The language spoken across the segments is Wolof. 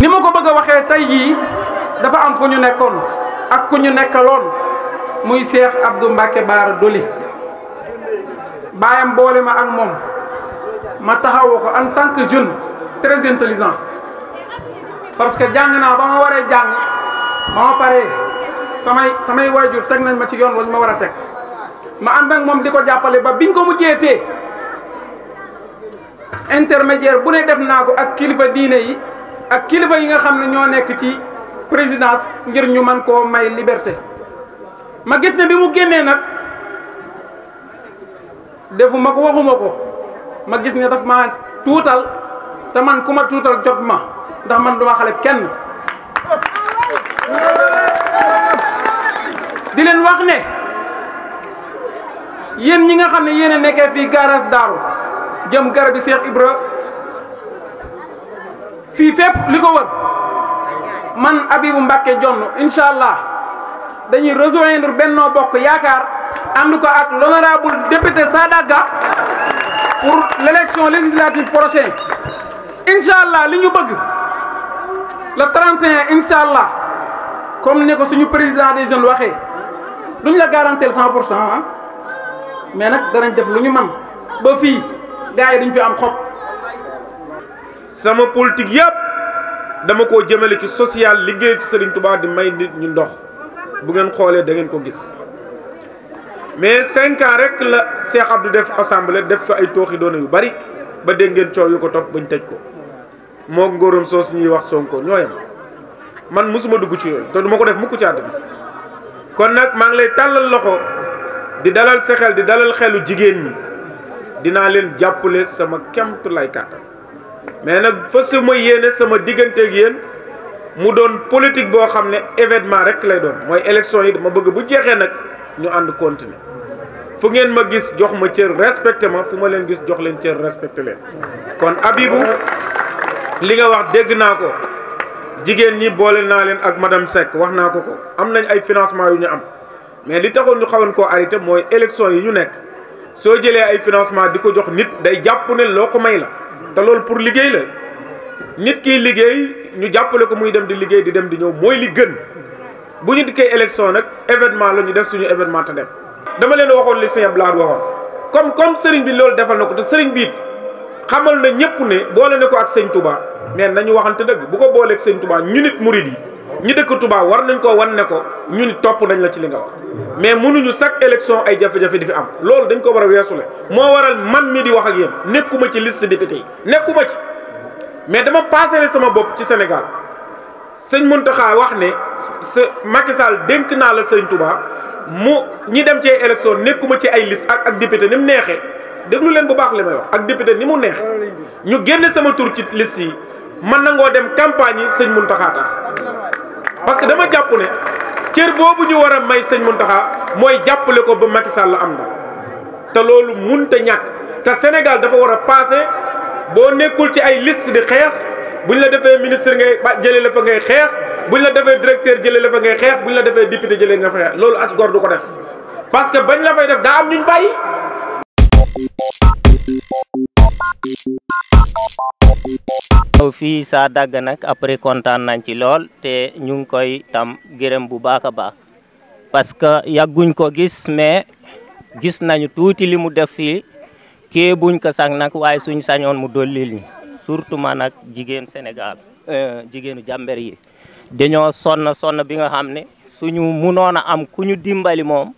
ni ma ko bëgg waxee tey jii dafa am fu ñu nekkoon ak ku ñu nekkaloon muy Cheikh Abdou Mbacke Baara Doli bàyyam boole ma ak moom ma taxawoo ko en tant que jeune très parce que jàng naa ba ma waree jàng ba ma paree samay samay waajur teg nañ ma ci yoon wañ ma war a teg ma ànd ak moom di ko jàppale ba biñ ko mu tee intermédiaire bu ne def naa ko ak kilifa diine yi. ak kilifa yi nga xam ne ñoo nekk ci présidence ngir ñu man koo may liberté ma gis ne bi mu génnee nag defuma ko waxuma ko ma gis ne daf ma tuutal te man ku ma tuutal jot ma ndax man duma xale kenn di leen wax ne yéen ñi nga xam ne yéen a nekkee fii garage daaru jëm garabi Cheikh ibrahim fii fépp li ko wër man Abibou Mbacké Dione incha allah dañuy rejoindre Benno Bokk Yaakaar ànd ko ak l'honorable député Sadaga pour l'élection législative prochaine incha allah li ñu bëgg le 31 incha allah comme ni ko suñu président des jeunes waxee duñ la garantir 100 pour cent ah mais nag danañ def lu ñu man ba fii gars yi duñ fi am xob. sama politique yëpp dama ko jëmale ci social liggéey ci Serigne Touba di may nit ñu ndox bu ngeen xoolee da ngeen ko gis mais cinq ans rek la Cheikh du def assemblée def fa ay tooxi doona yu bari ba dégg ngeen coow yu ko topp bañ tëj ko moo soo su ñuy wax Sonko ñooyam man mosuma dugg ci yooyu te du ma ko def mukk ci àddina kon nag maa ngi lay tàllal loxo di dalal sexeel di dalal xelu jigéen ñi dinaa leen jàppale sama kemtu lay kàttan mais nag fa suma yéene sama digganteeg yéen mu doon politique boo xam ne événement rek lay doon mooy élection yi dama bëgg bu jeexee nag ñu ànd continuer fu ngeen ma gis jox ma cër respecté ma fu ma leen gis jox leen cër respecté leen kon Habibou li nga wax dégg naa ko jigéen ñi boole naa leen ak madam Seck wax naa ko ko am nañ ay financement yu ñu am mais li taxoon ñu xawoon koo arrêté mooy élection yi ñu nekk soo jëlee ay financement di ko jox nit day jàpp ne loo ko may la te loolu pour liggéey la nit kiy liggéey ñu jàppale ko muy dem di liggéey di dem di ñëw mooy li gën bu ñu dikkee élection nag événement la ñu def suñu événement te dem. dama leen waxoon li sëñ Abdou Lahad waxoon comme sëriñ bi loolu defal na ko te sëriñ bi xamal na ñëpp ne boole ne ko ak sëñ Touba mais nañu waxante dëgg bu ko booleeg sëñ Touba ñu nit murid yi ñu dëkk Touba war nañ ko wan ne ko ñu nit topp nañ la ci li nga wax. mais mënuñu chaque élection ay jafe-jafe di fi am loolu dañ ko war a weesu weesule moo waral man mi di wax ak yéen nekkuma ci liste député yi nekkuma ci mais dama passé sama bopp ci Sénégal sëñ Mountakha wax ne sa Macky Sall dénk naa la sëñ Touba mu ñi dem ci élection nekkuma ci ay liste ak ak député ni mu neexee déglu leen bu baax li may wax ak député ni mu neex ñu génne sama tur ci liste yi mën na ngoo dem campagne yi sëñ Mountakha tax que dama jàppu ne. cër boobu ñu war a may mun Mountakha mooy jàppale ko ba Macky Sall am na te loolu mun te ñàkk te Sénégal dafa war a passé boo nekkul ci ay liste di xeex buñ la defee ministre ngay jëlee la fa ngay xeex buñ la defee directeur jëlee la fa ngay xeex buñ la defee député jëlee nga fa xeex loolu as gor du ko def parce que bañ la fay def daa am ñu bàyyi. ñew fi saa dag nak après contane nañ ci lol te ñu ngi koy tam gërëm bu baaka baax parce que yàgguñ ko gis mais gis nañu touti limu def fi kee buñ ko sax nak way suñ sañon mu dolil ni surtout ma nak jigen Sénégal euh, jigenu jàmber yi dañoo son son bi nga xamné suñu mënona a am kuñu dimbali mom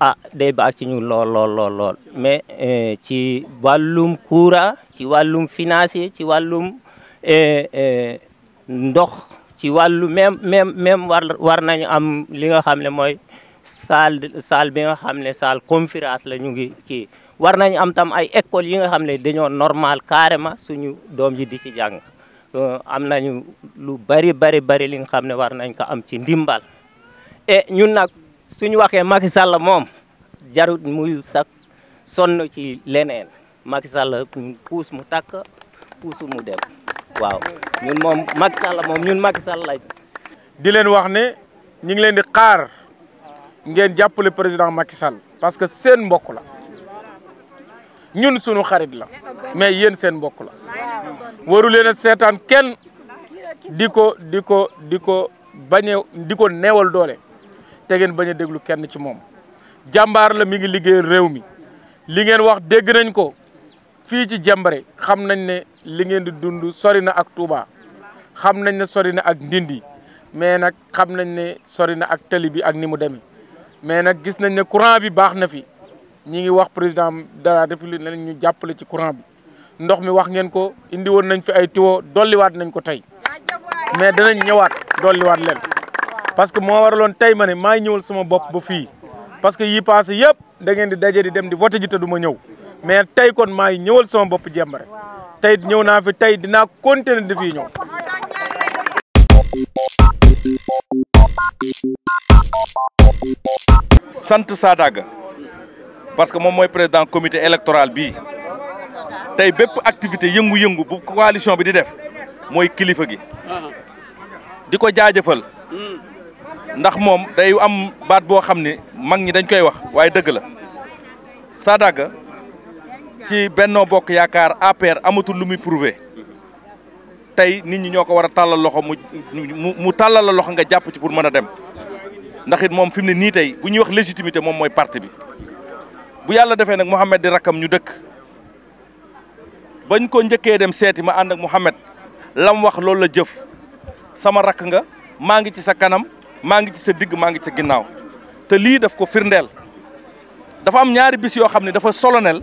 ah day baax ci ñu lol lol lol mais euh, ci walum kuura ci walum financier ci walum E, e, ndox ci wàllu même même même war nañu am li nga xam ne mooy salle salle bi xam ne salle conférence la ñu ngi kii war nañu am tam ay école yi nga xam ne dañoo normal carrément suñu doom yi di ci jàng euh, am nañu lu bari bari bari li nga xam ne war nañ ko am ci ndimbal e ñun nag suñu waxee Macky Sall moom jarut muy sax sonn ci leneen Macky Sall puus mu takk puus mu dem waaw ñun moom Macky Sall ñun Macky di leen wax ne ñu ngi leen di xaar ngeen jàppale président Macky Sall parce que seen mbokk la ñun suñu xarit la mais yeen seen mbokk la waru leen a kenn diko diko diko ko di ko bañe di neewal doole te ngeen bañ a déglu kenn ci mom jambar la mi ngi liggéey réew mi li ngeen wax dégg nañ ko fi ci jambaré xam nañ né li ngeen di dund sori na ak Touba xam nañ ne sori na ak Ndindi mais nag xam nañ ne sori na ak tali bi ak ni mu demee mais nag gis nañ ne courant bi baax na fi ñi ngi wax président de la république ne ñu jàppale ci courant bi ndox mi wax ngeen ko indi woon nañ fi ay tiwo dolliwaat nañ ko tey mais danañ ñëwaat dolliwaat leen parce que moo waraloon tey ma ne maay ñëwal sama bopp ba fii parce que yii passé yëpp da ngeen di daje di dem di vote ji te du ma ñëw mais tey kon maay ñëwal sama bopp Jembaare tey ñëw naa fi tey dinaa continuer di fi ñëw. sant Sadaga parce que moom mooy président comité électoral bii tey bépp activité yëngu-yëngu bu coalition bi di def mooy kilifa gi. di ko jaajëfal. ndax moom day am baat boo xam ne mag ñi dañ koy wax waaye dëgg la Sadaga. ci Benno Bokk Yaakaar APR amatul lu muy prouver tey nit ñi ñoo ko war a tàllal loxo mu mu mu tàllal la loxo nga jàpp ci pour mën a dem ndax it moom fi mu ne nii tey bu ñuy wax légitimité moom mooy parti bi bu yàlla defee nag Mouhamed di rakkam ñu dëkk bañ ko njëkkee dem seeti ma ànd ak Mouhamed lam wax loolu la jëf sama rakk nga maa ngi ci sa kanam maa ngi ci sa digg maa ngi ci sa ginnaaw te lii daf ko firndeel dafa am ñaari bis yoo xam ne dafa solonel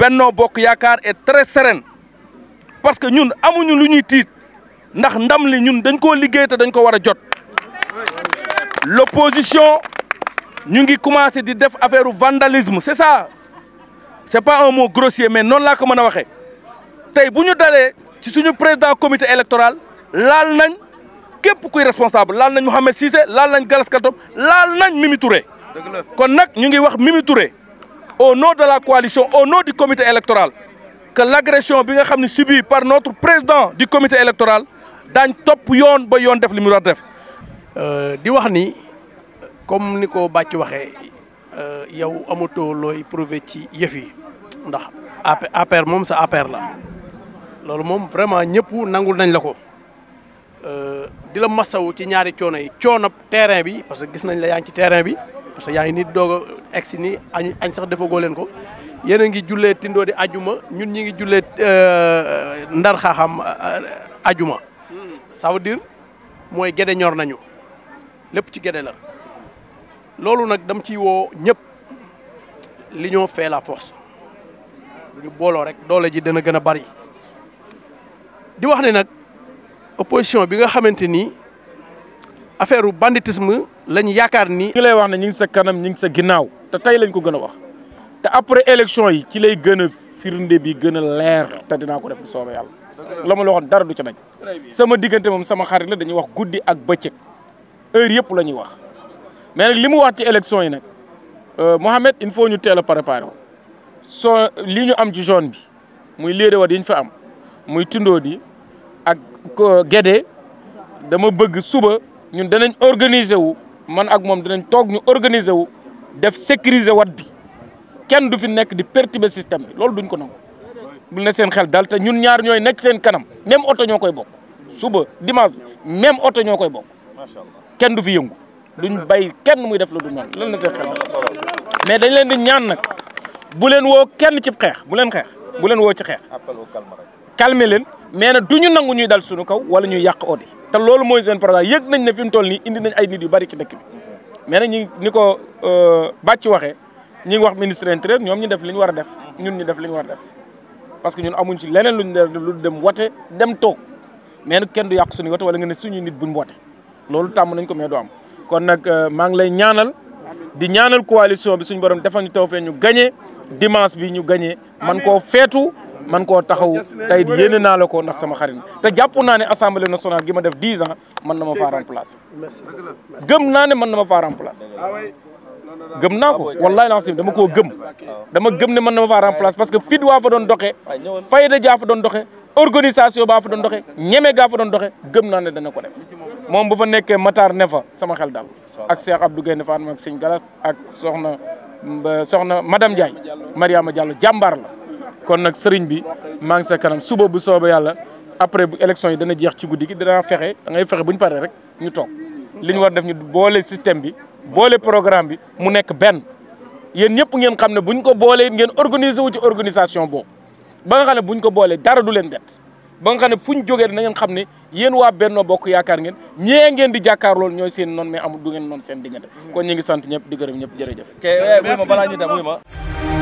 Benno Bok Yakar est très serein parce que nous, amuñu lu ñuy tiit ndax ndam li ñun dañ koo liggéey dañ ko jot l'opposition ñu ngi commencé di def vandalisme c'est ça c'est pas un mot grossier mais non, laa ko mën a waxee tey bu ñu dalee ci suñu président comité électoral nous nañ képp kuy responsable Nous nañ Mohamed Cissé nous nañ Galas Kaltom nous nañ Mimi Touré kon nag ñu ngi Mimi Touré au nom de la coalition, au nom du comité électoral, que l'agression subie par notre président du comité électoral, dañ top yoon ba yoon def li mu def euh di wax ni comme ni ko waxé euh yow amatoo loy prouvé ci yefi ndax APR mom sa APR la loolu mom vraiment ñepp nangul nañ la ko euh, di la masawu ci ñaari choona yi choona terrain bi parce que gis nañ la yaa ngi ci terrain bi. parce que yaa ngi nit doog a egg si nii añ añ sax defagoo leen ko yéen a ngi jullee tindoo di ajuma ñun ñi ngi jullee euh, ndar xaaxam euh, ajuma ça dire mooy gede ñor nañu lépp ci gede la loolu nag dam ci woo ñëpp li fait la force lu ñu booloo rek doole ji dana gën a bari di wax ne nag opposition bi nga xamante ni affaire u banditisme lañ yaakaar ni. ñu lay wax ne ñu ngi sa kanam ñu ngi sa ginnaaw te tey lañ ko gën a wax te après élection yi ci lay gën a firnde bi gën a leer te dinaa ko def bu soobee yàlla. la ma la dara du ca nag sama diggante moom sama xarit la dañuy wax guddi ak bëccëg heure yëpp la ñuy wax mais li mu wax ci élection yi nag euh, Mohamed il faut ñu teel a préparé wu soo li ñu am ci zone bi muy léede wat yi ñu fa am muy tundoo di ak Guédé dama bëgg suba. ñun dañ organisé wu man ak mom dañ toog ñu organisé wu def sécuriser wat bi kenn du fi nekk di perturber système bi loolu duñ ko nangu bu ne seen xel dal te ñun ñaar ñoy nekk seen kanam même auto ñoo koy bokk suba dimanche même auto ñoo koy machallah kenn du fi yëngu duñ bay kenn muy def lu du noonu lan na seen xel mais dañ leen di ñaan nak bu leen wo kenn ci xex bu leen xex bu leen wo ci xeex calmer leen mais nag du ñu nangu ñuy dal suñu kaw wala ñuy yàq Audi te loolu mooy seen programme yëg nañ ne fi mu nii indi nañ ay nit yu bari ci dëkk bi mais ñi ko euh, bàcc waxee ñi wax ministre intérieur ñoom ñu def li ñu war a def ñu def li ñu war a def parce que ñun amuñ ci leneen luñ def lu dem wote dem toog mais nag kenn du yàq suñuy wote wala nga ne suñuy nit buñ wote loolu tàmm nañ ko mais du am kon nag euh, maa ngi lay ñaanal di ñaanal coalition bi suñu borom defal ñu taw fee ñu gagné dimanche bi ñu gagné man koo feetu man koo taxaw tey yéene naa la ko ndax sama xarit te jàpp naa ne assemblée nationale gi ma def dix ans man na ma faa remplacer gëm naa ne mën na ma faa remplacer ah gëm naa ko wallahi dama koo gëm dama gëm ne mën na ma faa parce que fit waa fa doon doxee fayda jaa fa doon doxe organisation baa fa doon doxee ñeme gaa fa doon doxee gëm naa ne dana ko def moom bu fa nekkee Matar ne fa sama xel daal ak Cheikh Abdou Guèye Fatma ak Sëñ Galas ak soxna soxna madame Ndiaye Mariama Diallo jàmbaar la kon nag sëriñ bi maa ngi sa kanam suba bu sooba yàlla après bu élection yi dana jeex ci guddi gi danaa fexe da ngay fexe bu ñu paree rek ñu toog li ñu war def ñu boole système bi boole programme bi mu nekk benn yéen ñëpp ngeen xam ne bu ko boolee ngeen organiser wu ci organisation boobu ba nga xam bu ñu ko boolee dara du leen bett ba nga fu ñu jógee na ngeen xam ne yéen waa Benno Bokk Yaakaar ngeen ñee ngeen di jàkkaar loolu ñooy seen noon mais amul du ngeen noon seen diggante kon ñu ngi sant ñëpp di gërëm ñëpp jërëjëf. ok eh, ma balaa ñu